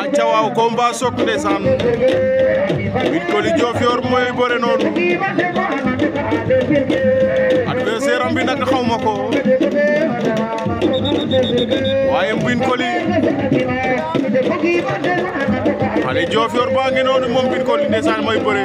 Aca waaw combat Sokh ndeysaan Luc Coly Diofior mooy bëre noonu adversaire am bi nag xaw ko waaye Mbine Coly xale Diofior baa ngi noonu moom Mbine Coly mooy bëre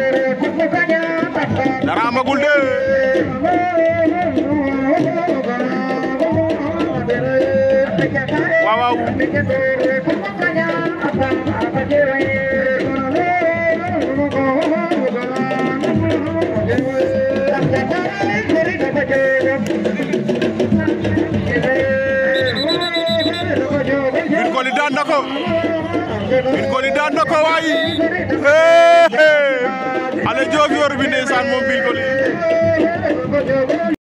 àggagul de waaw waaw Mbine Coly daan na ko Mbine Coly daan na ko waay e joofi wor bi ndeysaan moom Mbine Coly